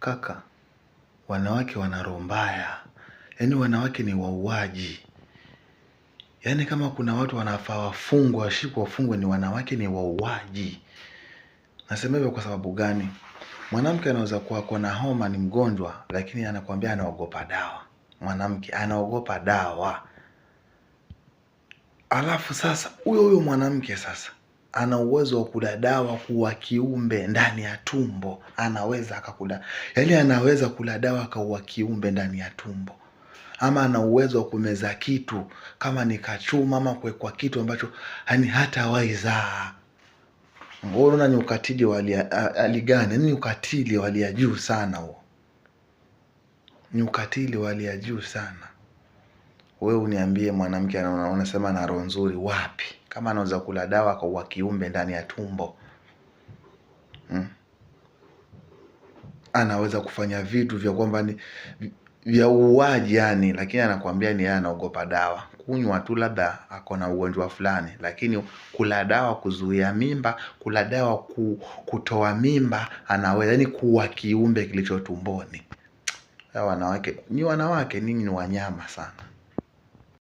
Kaka, wanawake wana roho mbaya, yaani wanawake ni wauaji. Yaani kama kuna watu wanafaa wafungwe, washikwe, wafungwe ni wanawake, ni wauaji. Nasema hivyo kwa sababu gani? Mwanamke anaweza kuwa kona homa, ni mgonjwa, lakini anakuambia anaogopa dawa. Mwanamke anaogopa dawa, alafu sasa huyo huyo mwanamke sasa ana uwezo wa kuladawa kuwa kiumbe ndani ya tumbo, anaweza akakula, yaani anaweza kuladawa kuwa kiumbe ndani ya tumbo, ama ana uwezo wa kumeza kitu kama ni kachuma ama kuwekwa kitu ambacho yani hata waizaa. Unaona ni ukatili wa yaani Ni ukatili wa juu sana huo, ni ukatili juu sana. Wewe uniambie mwanamke anasema na roho nzuri wapi? kama anaweza kula dawa akaua kiumbe ndani ya tumbo hmm. Anaweza kufanya vitu vya kwamba ni vya uuaji yani, lakini anakuambia ni yeye anaogopa dawa. Kunywa tu labda ako na ugonjwa fulani, lakini kula dawa kuzuia mimba, kula dawa ku, kutoa mimba, anaweza yani kuwa kiumbe kilicho tumboni. Wanawake ni wanawake, ninyi ni wanyama sana.